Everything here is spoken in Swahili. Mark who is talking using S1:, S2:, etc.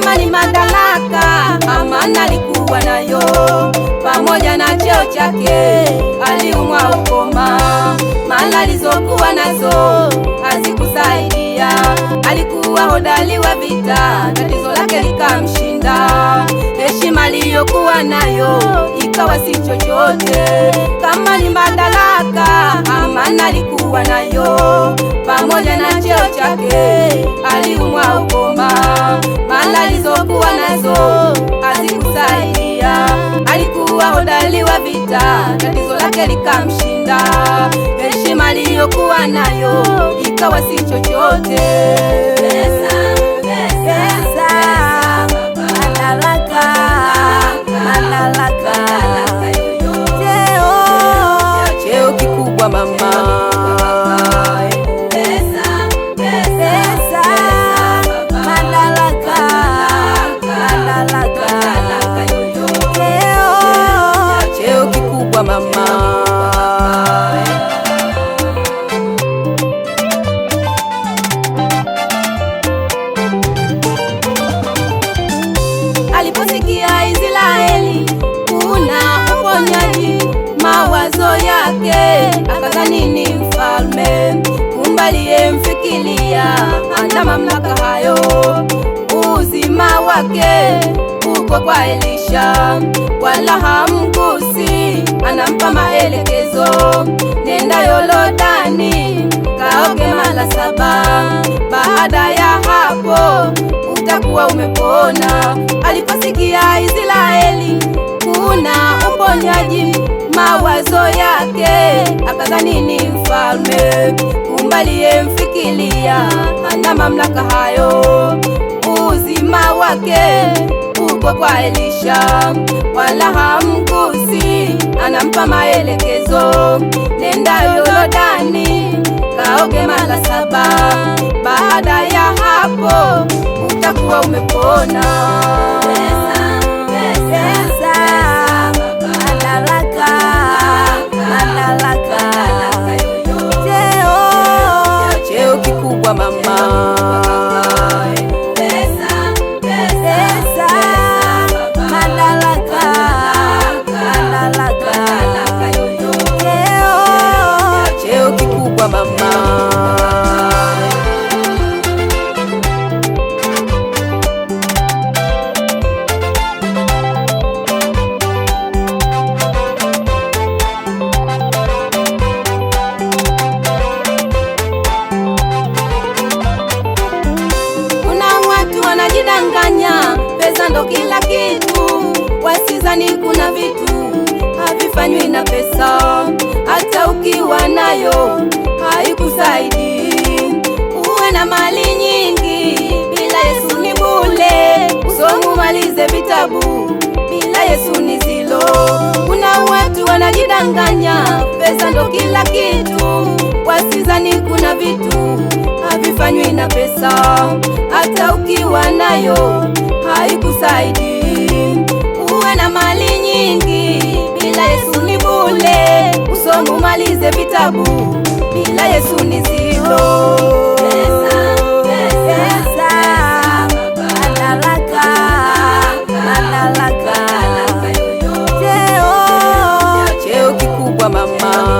S1: Zamani madaraka Amana alikuwa nayo, pamoja na cheo chake aliumwa ukoma. Mali alizokuwa nazo hazikusaidia, alikuwa hodari wa vita, tatizo lake likamshinda. Heshima aliyokuwa nayo ikawa si chochote. Kama ni madaraka Amana alikuwa nayo, pamoja na cheo chake aliumwa ukoma. alipopita tatizo lake likamshinda, heshima aliyokuwa nayo ikawa si chochote. Pesa, pesa. dunia ana mamlaka hayo. Uzima wake uko kwa Elisha, wala hamkusi, anampa maelekezo. Nenda Yorodani kaoge mara saba, baada ya hapo utakuwa umepona. Aliposikia Israeli kuna uponyaji mawazo yake akadhani ni mfalme, kumbe aliyemfikiria hana mamlaka hayo. Uzima wake uko kwa Elisha, wala hamkusi, anampa maelekezo, nenda Yorodani kaoge mara saba, baada ya hapo utakuwa umepona. vitu havifanywi na pesa, hata ukiwa nayo haikusaidi. Uwe na mali nyingi, bila Yesu ni bule. Usomu vitabu, bila Yesu ni zilo. Kuna watu wanajidanganya, pesa ndo kila kitu, wasizani kuna vitu havifanywi na pesa, hata ukiwa nayo haikusaidi. Kristo mumalize vitabu, bila Yesu ni zilo cheo kikubwa mama